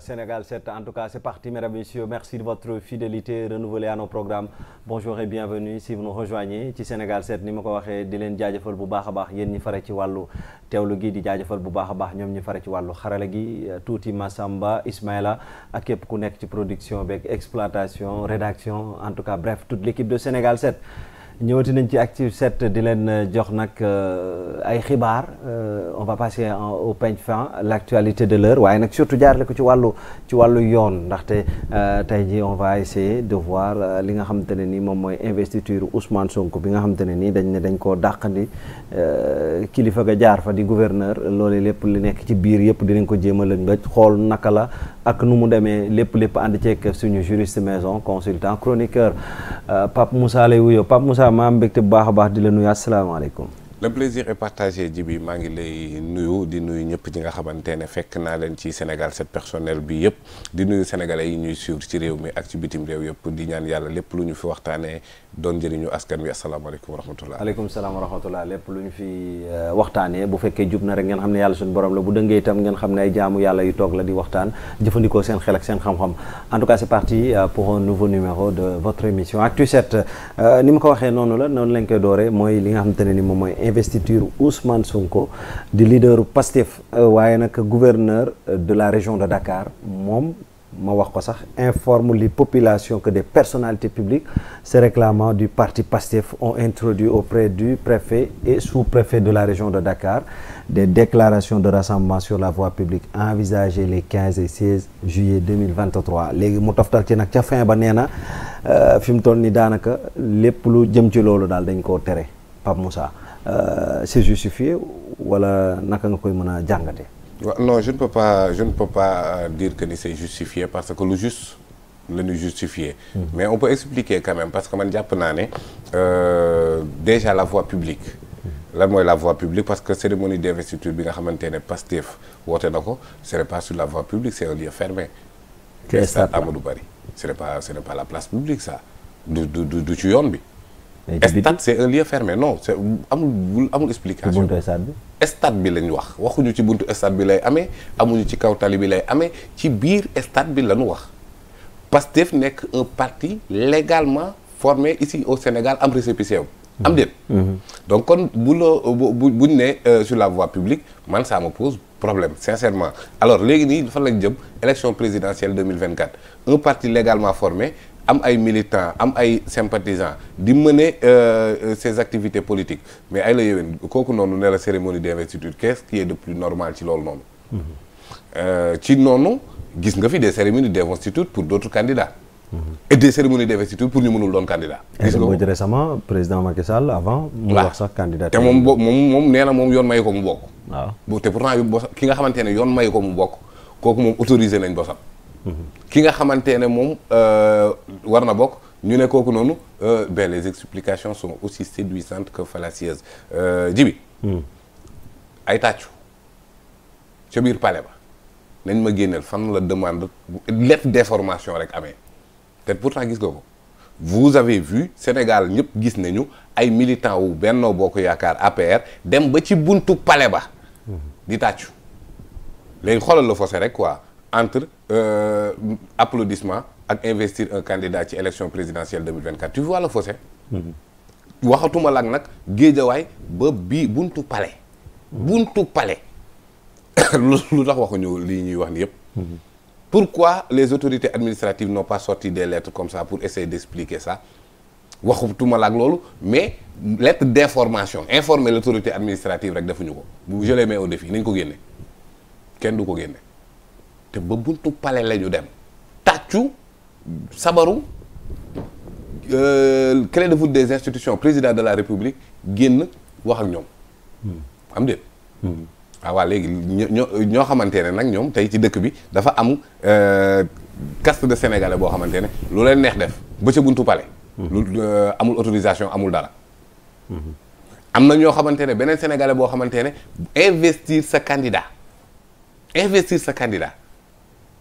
Sénégal 7, en tout cas, c'est parti, mesdames, messieurs. Merci de votre fidélité renouvelée à nos programmes. Bonjour et bienvenue si vous nous ci Sénégal 7 ni ma ko waxee di leen jaajëfal bu baax a baax yéen ñi fare ci wàllu teewlu gi di jaajëfal bu baax a baax ñoom ñi fare ci wàllu xarale gi tuuti Massamba Ismaïla ak képp ku nekk ci production beeg exploitation rédaction en tout cas bref toute l'équipe de Sénégal set ñëwati nañ ci active 7 di leen euh, jox nag euh, ay xibaar euh, on va passer au peigne fin lactualité de l'heure waaye nag surtout jaarale ko ci wàllu ci wàllu yoon ndaxte tey jii on va essayer de li nga xamante ne nii moom mooy investiture Ousmane Sonko bi nga xamante ne nii dañ ne dañ koo dàqandi kilifa ga jaar fa di gouverneur loolu lépp li nekk ci biir yëpp dinañ ko jéem a lañ ba xool naka la ak nu mu demee lépp lépp ànd ceeg suñu juriste maison consultant chroniqueur Pape Moussa Moussa maa mbégte baax a baax di la nuyu asalaamaaleykum. le plaisir est partagé Djibi maa ngi lay nuyu di nuyu ñëpp ci nga xamante ne fekk naa leen ci Sénégal set personnel bi yëpp di nuyu sénégalais yi ñuy suivre ci réew mi ak ci bitim réew yëpp di ñaan yàlla lépp lu ñu fi waxtaanee doon njëriñu askan wi asalaamaaleykum wa rahmatulah. aleykum salaam wa rahmatulah lépp lu ñu fi eh, waxtaanee bu fekkee jub na rek ngeen xam ne yàlla suñu borom la bu dëngee itam ngeen xam ne ay jaamu yàlla yu toog la di waxtaan jëfandikoo seen xel ak seen xam-xam en tout cas parti eh, pour un nouveau numéro de votre émission Actu 7 eh, ni ma ko waxee noonu la noonu lañ koy dooree mooy li nga xamante ne ni moom mooy investiture Ousmane Sonko di leaderu Pastef waaye nag gouverneur de la région de Dakar moom. ma wax ko sax informe li population que des personnalités publique se réclamant du parti PASTEF on introduit auprès du préfet et sous-préfet de la région de Dakar des déclarations de rassemblement sur la voie publique envisagées les 15 et 16 juillet 2023 léegi mu tal ci nag ca fin ba nee na euh, fi mu toll nii daanaka lépp lu jëm ci loolu daal dañ koo tere Pape Moussa euh, c'est justifié wala naka nga koy mën a jàngate non je ne peux pas je ne peux pas euh, dire que ni c'est justifié parce que lu juste la nu justifié. Mmh. mais on peut expliquer quand parce que man jàpp naa ne euh, déjà la voie publique. lan mooy la voie publique parce que cérémonie d'investiture bi nga xamante ne Pastef woote na ko ce n'est pas sur la voie publique c'est un lieu fermé. stade Amadou Barry ce n'est pas ce n'est pas la place publique ça du du du ci yoon bi. stade c' est un lieu fermé non c' est amul bul amul explication. buntu bi. stade bi wax waxuñu ci buntu stade bi lay amee amuñu ci kaw tali bi lay amee ci biir stade bi lañu wax Pastef nekk un parti légalement formé ici au Sénégal am récépissé am déet. Mhm. donc kon bu loo bu buñ ne euh, sur la voie publique man ça ma pose problème sincèrement alors léegi nii dafa lañ jëm élection présidentielle 2024 un parti légalement formé am ay militants am ay sympathisants di mener ses euh, euh, activités politiques mais ay la yéwén kooku noonu ne la cérémonie d'investiture qu'est-ce qui est de plus normal ci loolu noonu mm-hmm. euh, ci noonu gis nga fi des cérémonies d'investiture pour d'autres candidats mm-hmm. et des cérémonies d'investiture pour ñu mënul doon candidat. ko récemment président Macky Sall avant. mu wax sax candidat te moom moom moom nee na moom yoon mayu ko mu bokk. waaw te pourtant ki nga xamante ne yoon mayu ko mu bokk kooku moom autorisé nañ bosam. ki nga xamante ne moom euh, war na bokk ñu ne kooku noonu euh, ben les explications sont aussi séduisantes que fallacieuses euh, jibi hmm. ay tàccu ca biir pale ba nañ ma génneel fan la demande lettre d'information rek amee te pourtant gis nga ko vous avez vu Sénégal ñëpp gis nañu ay militants wu Benno Bokk Yaakaar APR dem ba ci buntu pale ba hmm. di tàccu léegi xoolal la fossé rek quoi entre euh, applaudissement ak investir un candidat ci élection présidentielle 2024 tu vois le fossé mm-hmm. waxatuma laak nag géejawaay ba bii buntu palais mm-hmm. buntu palais lu tax waxuñu lii ñuy wax ni yëpp mm-hmm. pourquoi les autorités administratives n'ont pas sorti des lettres comme ça pour essayer d'expliquer ça waxutuma laak loolu mais lettre d'information informer l'autorité administrative rek defuñu ko je les mets au défi nañ ko génne kenn du ko génne te ba buntu palais la ñu dem tàccu sabaru euh, clé de voûte des institutions président de la république génn wax ak ñoom hmm. am déet waaw hmm. ah, waaw léegi ñoo ñoo xamante ne nag ñoom tey ci dëkk bi dafa am euh, caste de sénégalais boo xamante ne lu leen neex def ba ci buntu palais hmm. euh, amul autorisation amul dara am na ñoo xamante ne beneen sénégalais boo xamante ne investir sa candidat investir sa candidat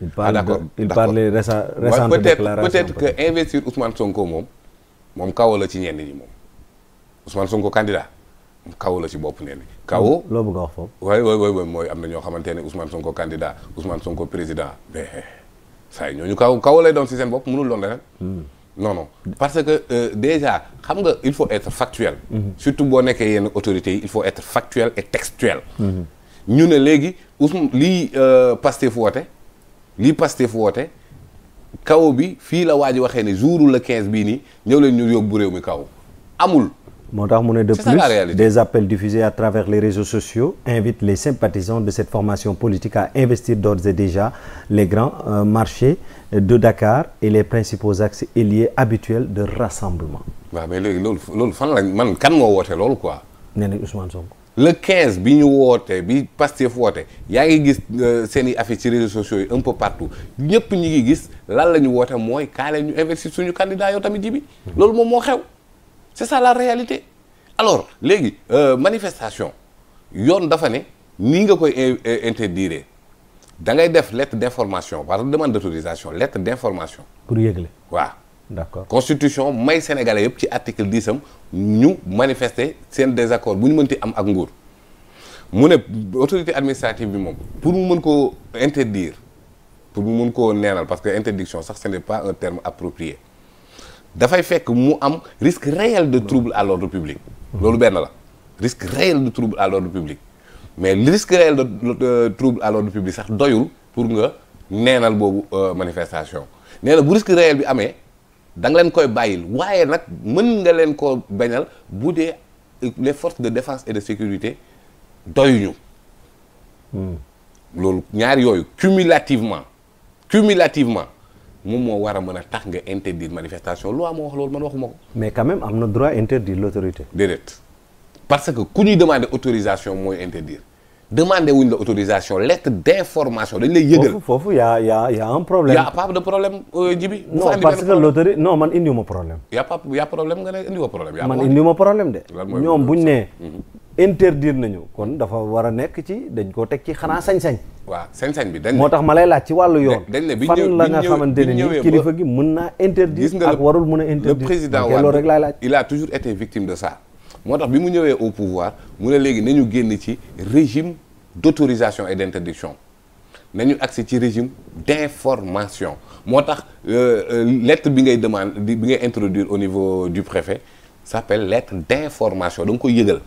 il parle ah d'accord de, il parle des récentes déclarations peut-être que investir Ousmane Sonko moom moom kawoo la ci ñenn ñi moom Ousmane Sonko candidat kawoo la ci bopp ñenn ñi. kawoo loo bëgg a wax foofu. waay waay waay mooy am na ñoo xamante ne Ousmane Sonko candidat Ousmane Sonko président mais eh, saa yi ñooñu kaw kawoo lay doon si seen bopp mënul doon leneen. Hmm. non non parce que euh, déjà xam nga il faut être factuel. Hmm. surtout boo nekkee yenn autorités yi il faut être factuel et textuel. Hmm. ñu ne léegi Ousmane lii euh, Pastef woote lii Pastef woote kaw bi fii la waa ji waxee ne jour le 15 bii nii ñëw leen ñu yóbbu réew mi kaw amul. moo tax mu ne de plus des appels diffusés à travers les réseaux sociaux invitent les sympathisants de cette formation politique à investir d'ores et déjà les grands euh, marchés de Dakar et les principaux axes et lieux habituels de rassemblement. waaw mais léegi loolu loolu fan la man kan moo woote loolu quoi. nee nañ Ousmane le quinze bi ñu wootee bi Pastef foote yaa ngi gis euh, seen i affiche ci réseaux sociaux yi un peu partout ñëpp ñi ngi gis lan la ñu woote mooy kaale ñu investir suñu candidat yow tamit ji bi hmm. loolu moom moo xew c'est ça la réalité alors léegi euh, manifestation yoon dafa ne nii nga koy euh, interdire da ngay def lettre d'information par demande d'autorisation lettre d'information pour yëgle waaw d'accord constitution may sénégalais yëpp ci article dix am ñu manifester seen désaccord bu ñu mënti am ak nguur mu ne autorité administrative bi moom pour mu mën koo interdire pour mu mën koo neenal parce que interdiction sax ce n'est pas un terme approprié dafay fekk mu am risque réel de trouble à l'ordre publique loolu benn la risque réel de trouble à l'ordre public mais le risque réel de sax doyul pour nga neenal boobu euh, manifestation nee na bu risque réel bi amee da nga leen koy bàyyil waaye nag mën nga leen ko beñal bu dee les forces de défense et de sécurité doyuñu hmm. loolu ñaari yooyu cumulativement cumulativement moom moo war a mën a tax nga interdire manifestation loi moo wax loolu man waxuma ko. mais quand même am na droit interdire l'autorité. déedéet parce que ku ñuy demander autorisation mooy interdire. demandé wuñ la autorisation lettre d'information dañ lay yëgal. foofu foofu y' a y' a y' a un problème. y' a pas euh, man indiwuma problème. y' a pas y' nga ne indiwoo problème. man indiwuma problème de. ñoom buñ ne. Mhm. interdire nañu kon dafa war a nekk ci dañ koo teg ki xanaa sañ-sañ. waaw sañ-sañ bi dañ moo tax ma lay laaj ci wàllu yoon. dañ ne bi fan la nga xamante ne ni kilifa gi mën naa interdire. ak warul mën a interdire. le président Wade rek laay laaj. moo tax bi mu ñëwee au pouvoir mu ne léegi nañu génn ci régime d'autorisation et d'interdiction nañu accès ci régime d'information moo tax euh, euh, lettre bi ngay demande bi ngay introduire au niveau du préfet s'appelle lettre d'information da koy yëgal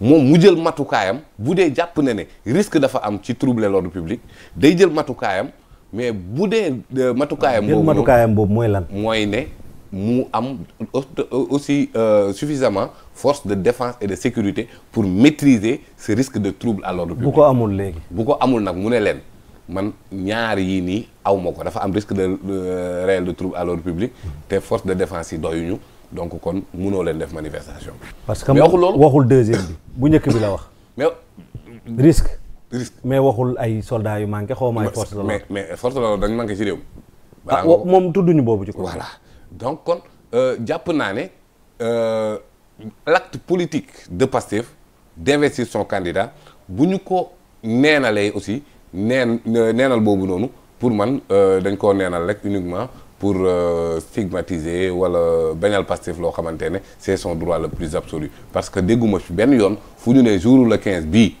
moom mu jël matukaayam bu dee jàpp na ne risque dafa am ci troubler l'ordre public day jël matukaayam mais bu dee euh, matukaayam boobu matukaayam boobu mooy lan mooy ne mu am aussi euh, suffisamment force de défense et de sécurité pour maitriser ce risque de trouble à l'ordre public bu ko amul léegi bu ko amul nag mu ne leen man ñaar yii nii aw ma ko dafa am risque de réel de trouble à l'ordre public te force de défense yi ñu donc kon munoo leen def manifestation parce que waxul loolu waxul deuxième bi bu njëkk bi la wax mais risque risque mais waxul ay soldats yu manqué xaw ma ay force mais force de l'ordre dañ manqué ci réew mi ah, moom boobu ci ko donc kon euh, jàpp naa ne euh, l'acte politique de Pastef d'investir son candidat bu ñu ko neenalee aussi neen euh, neenal boobu noonu pour man dañ koo neenal rek uniquement pour stigmatiser wala bañal Pastef loo xamante ne c'est son droit le plus absolu parce que dégguma fi benn yoon fu ñu ne jour le 15 bii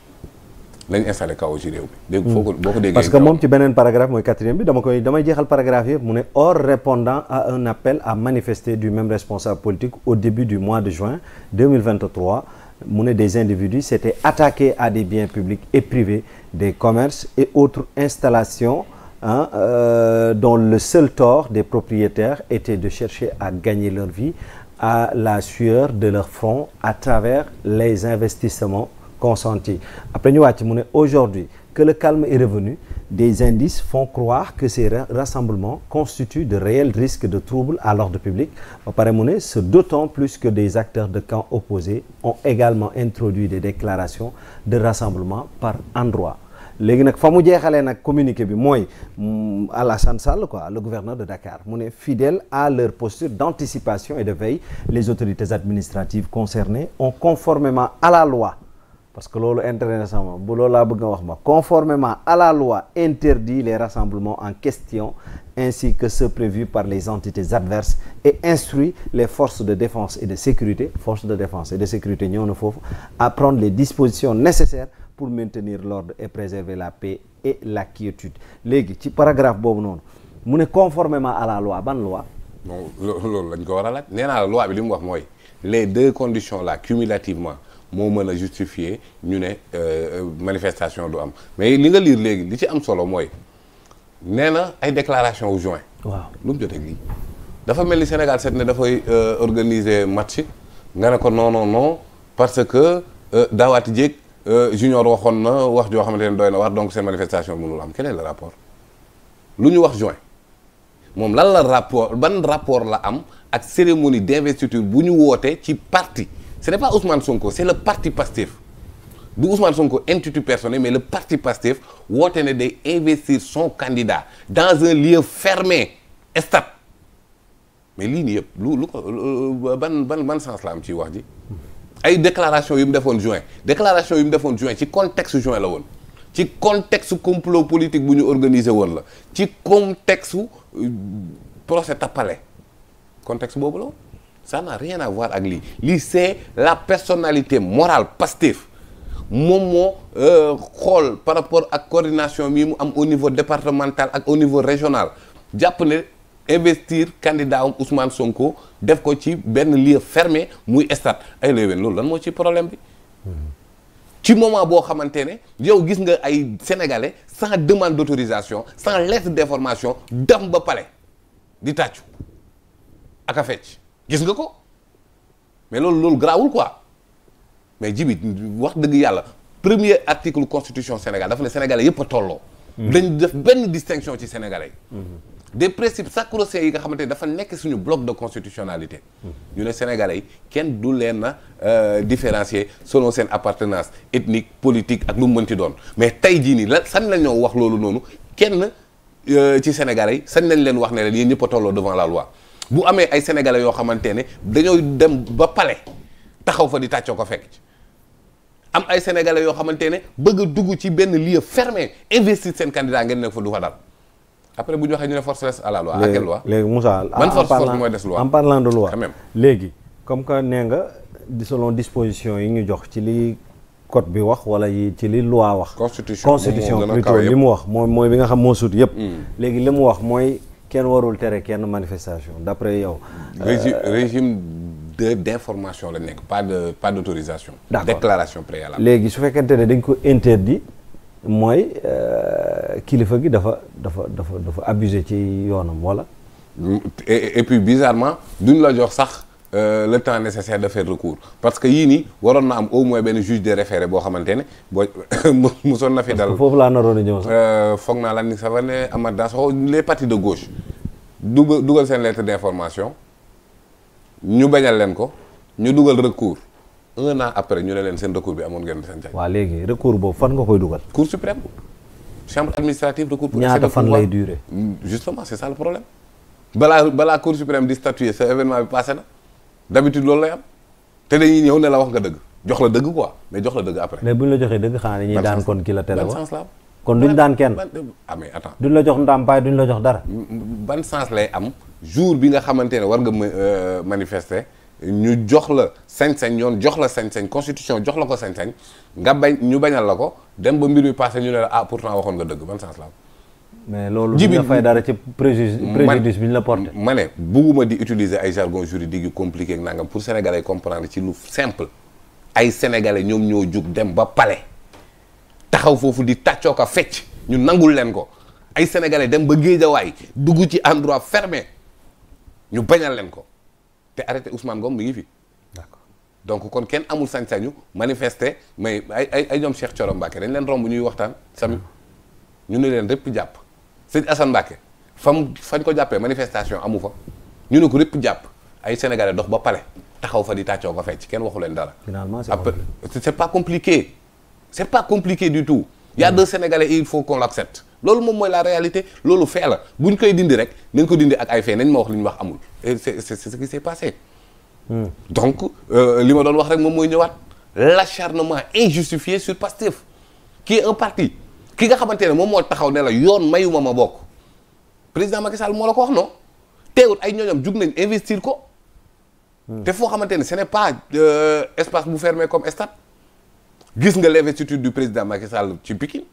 lañ installé kaw ci réew mi. Hmm. que moom ci beneen paragraphe mooy quatrième bi dama koy damay jeexal paragraphe ne or répondant à un appel à manifester du même responsable politique au début du mois de juin 2023 ne des individus s'étaient attaqués à des biens publics et des commerces et autres installations hein, euh, dont le seul tort des propriétaires était de chercher à gagner leur vie à la sueur de leur front à travers les investissements consentis après ñu wàcc mu ne aujourd'hui que le calme est revenu des indices font croire que ces rassemblements constituent de réels risques de troubles à l'ordre public ba pare mu ne ce d'autant plus que des acteurs de camps opposés ont également introduit des déclarations de rassemblement par endroit léegi nag fa mu jeexalee nag communiqué bi mooy mm, Alassane Sall quoi le gouverneur de Dakar mu ne fidèle à leur posture d'anticipation et de veille les autorités administratives concernées ont conformément à la loi parce que loolu intéressant ma bu loolu laa bëgg wax ma conformément à la loi interdit les rassemblements en question ainsi que ceux prévus par les entités adverses et instruit les forces de défense et de sécurité forces de défense et de sécurité ñëw na foofu à prendre les dispositions nécessaires pour maintenir l'ordre et préserver la paix et la quiétude léegi ci paragraphe boobu noonu mu ne conformément à la loi ban loi non loolu lañ ko war a laaj nee naa la loi bi li mu wax mooy les deux conditions là cumulativement moo mën a justifier ñu ne euh, euh, manifestation du am mais li nga liir léegi li ci am solo mooy nee na ay déclaration au juin. waaw lu mu jotee lii dafa mel ni Sénégal set ne dafay euh, organiser match nga ne ko non non parce que daawaati jéeg junior waxoon na wax joo xamante ne doy na wax donc seen manifestation mënul am keneen est rapport lu ñu wax juin moom lan la rapport ban rapport la am ak cérémonie d'investiture bu ñu wootee ci parti. ce n'est pas Ousmane Sonko c'est le parti Pastef du Ousmane Sonko intitut personnel mais le parti Pastef woote ne day investir son candidat dans un lieu fermé stade mais lii nii yëpp lu lu ko ban ban ban sens la am ci wax ji ay déclaration yu mu defoon juin déclaration yi mu defoon juin ci contexte juin la woon ci contexte complot politique bu ñu organisé woon la ci contexte euh, procès tappale contexte boobu la woon ça n'a rien à ak lii lii c'est la personnalité morale Pastef moom moo euh, xool par rapport ak coordination bi mu am au niveau départemental ak au niveau régional jàpp ne investir candidat am Ousmane Sonko def ko ci benn lieu fermé muy stade ay léewén loolu lan moo ci problème bi ci moment boo xamante ne yow gis nga ay sénégalais sans demande d'autorisation sans lettre d'information dam ba palais di tàccu ak fecc gis nga ko mais loolu loolu garaawul quoi mais jibi wax dëgg yàlla premier article constitution Sénégal dafa ne sénégalais yëpp a tolloo. Mm-hmm. dañ def benn distinction ci sénégalais yi. Mm-hmm. des principes sacro-saints yi nga xamante ne dafa nekk suñu bloc de constitutionnalité. Mm-hmm. ñu ne sénégalais kenn du leen a euh, différencier selon seen appartenance ethnique politique ak lu mu mënti doon mais tey jii nii la sañ la ñoo wax loolu noonu kenn euh, ci sénégalais yi sañ nañ leen wax ne leen yéen ñëpp tolloo devant la loi. bu amee ay sénégalais yoo xamante ne dañoo dem ba palais taxaw fa di tàccoo ko fekk am ay sénégalais yoo xamante ne bëgg dugg ci benn lieu fermé investir seen candidat ngeen nekk fa du fa dal après bu ñu waxee ñu ne force reste à la loi. à quelle loi léegi Moussa. man force force mooy des loi en parlant de loi. quand même léegi comme que nee nga solo disposition yi ñu jox ci li code bi wax wala yi ci li loi wax. constitution constitution plutôt li mu wax mooy mooy bi nga xam moo sut yëpp. Hmm. léegi li mu wax mooy. kenn warul tere kenn manifestation d'après yow. Euh, régime régime de d'information la nekk pas de pas d'autorisation. d'accord déclaration préalable. léegi su fekkente ne dañ ko interdit mooy euh, kilifa gi dafa dafa dafa dafa abusé ci yoonam wala. Mm, et puis bizarrement duñ la jox sax. Euh, le temps nécessaire de faire recours parce que yii nii waroon na am au mois benn juge de référé boo xamante ne boo mosoon na fi dal foofu laa naroon a ñëw euh, foog naa la ni sa fa ne Amath Dansokho les partis de gauche dugal dugal seen lettre d'information ñu bañal leen ko ñu dugal recours un ñu ne leen seen recours bi amoon ngeen seen jaay. waaw léegi recours boobu fan nga koy dugal. cour suprême chambre administrative recours. pour ñaata fan lay durer. justement c'est ça le problème balaa balaa cour suprême bi passé na. d'habitude loolu lay am te dañuy ñëw ne la wax nga dëgg jox la dëgg ko mais jox la dëgg après. mais buñ la joxee dëgg xanaa dañuy daan kon ki la tere woon kon duñ daan kenn. ah mais attends duñ la jox ndàmpaay duñ la jox dara. ban sens lay am jour bi nga xamante ne war nga euh, manifester ñu jox la sañ-sañ yoon jox la sañ-sañ constitution jox la ko sañ-sañ nga bañ ñu bañal la ko dem ba mbir mi passé ñu ne la ah pourtant waxoon nga dëgg ban sens la am. mais loolu du la fay dara ci préjudice bi ñu la porté. ma ne bugguma di utiliser ay jargon juridique yu compliqué ak nangam pour sénégalais comprendre ci lu simple ay sénégalais ñoom ñoo jug dem ba palais taxaw foofu di tàccoo ko fecc ñu nangul leen ko ay sénégalais dem ba géejawaay dugg ci endroit fermé ñu bañal leen ko te arrêté Ousmane Ngom mi ngi fi. donc kon kenn amul sañ-sañu manifester mais ay ay ay ñoom Cheikh Thioro Mbacké dañ leen romb ñuy waxtaan. sami hmm. ñu ne leen rëpp jàpp. sëñ Assane Mbacke fam fañ ko jàppee manifestation amu fa ñu ne ko rëpp jàpp ay sénégalais dox ba pale taxaw fa di tàccoo ko ci kenn waxu leen dara. finalement c'est pas compliqué. c'est pas compliqué du tout. y a mm. deux sénégalais et il faut qu'on loolu moom mooy la réalité loolu fee la bu ñu koy dindi rek nañ ko dindi ak ay fee nañ ma wax li ñu wax amul et c'est c'est ce qui s'est passé. Mm. donc euh, li ma doon wax rek moom mooy ñëwaat l'acharnement injustifié sur Pastef qui est un parti. ki nga xamante ne moom moo taxaw ne la yoon mayuma ma bokk président Macky Sall moo la ko wax non teewut ay ñooñam jug nañ investir ko. Hmm. te foo xamante ne ce n'est pas euh, espace bu fermé comme stade. gis nga l'investiture du président Macky Sall ci Pikine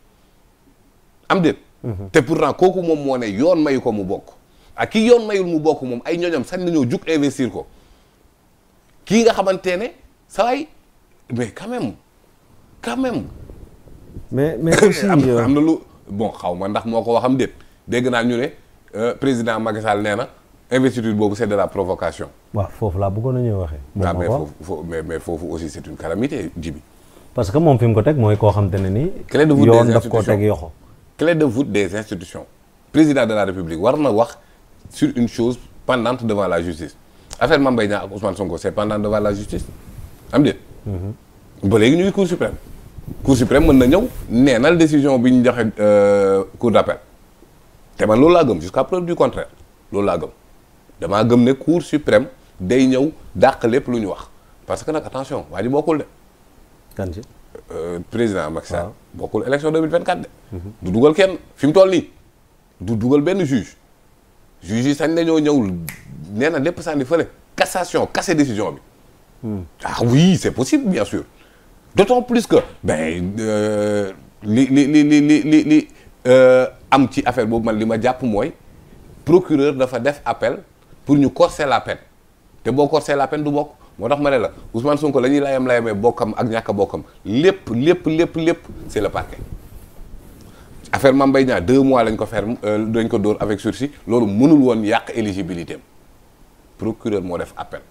am déet. Hmm. te pour pourtant kooku moom moo ne yoon mayu ko mu bokk. ak ki yoon mayul mu bokk moom ay ñooñam sañ nañoo jug investir ko kii nga xamante ne saa waay mais quand même quand même. mais mais aussi euh, am na lu bon xaw ma ndax moo ko waxam déet dégg naa ñu ne euh, président Macky Sall nee na investiture boobu c'est de la provocation. waa foofu laa bëggoon nañuy waxee. Ah, moom mais foofu aussi c'est une calamité jibi parce que moom fi ko teg mooy koo xam te ne nii. clé de voûte des institutions yoon daf koo teg yoxo. clé de voûte des institutions. président de la république war na wax sur une chose pendante devant la justice affaire Mame Mbaye Niang ak Ousmane Sonko c'est pendant devant mhm. ba léegi ñu ngi cour suprême mën na ñëw neenal décision bi ñu joxe euh, cour d'appel te man loolu laa gëm jusqu'à preuve du contraire loolu laa gëm damaa gëm ne cour suprême day ñëw dàq lépp lu ñu wax parce que nag attention waa ji bokkul de. kan ci euh, président Macky Sall. Ah. bokkul élection 2024 de. Mhm. du dugal kenn fi mu toll nii du dugal benn juge juge yi sañ nañoo ñëw nee na lépp sànni fële cassation casser décision bi. Hmm. ah oui c'est possible bien sûr. d'autant plus que ben euh, li li li li li li li euh, am ci affaire boobu man li ma jàpp mooy procureur dafa def appel pour ñu corser la peine te boo corser la pen du bokk moo tax ma ne la Ousmane Sonko la ñuy layam layamee bokkam ak ñàkk bokkam lépp lépp lépp lépp c'est le parquet affaire Mame Mbaye Niang deux mois lañ ko ferme dañ euh, ko dóor avec sursis loolu mënul woon yàq éligibilité procureur moo def appel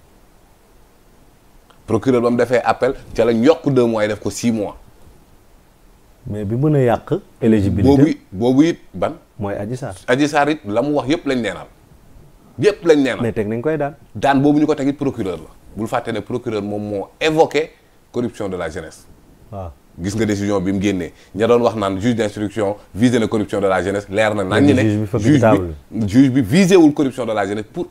procureur ba mu defee appel ca lañ yokk deux def ko six mois. mais bi mën a yàq. éligibilité boobu boobu it ban. mooy Adji Sarr. Adji la mu wax yëpp lañ neenal yëpp lañ neenal. mais teg nañ koy daan. daan boobu ñu ko teg it procureur la bul fàtte ne procureur moom moo évoqué corruption de la jeunesse. gis nga décision bi mu génnee ña doon wax naan juge d' instruction na corruption de la jeunesse leer na. nañ ne juge bi juge corruption de la jeunesse pour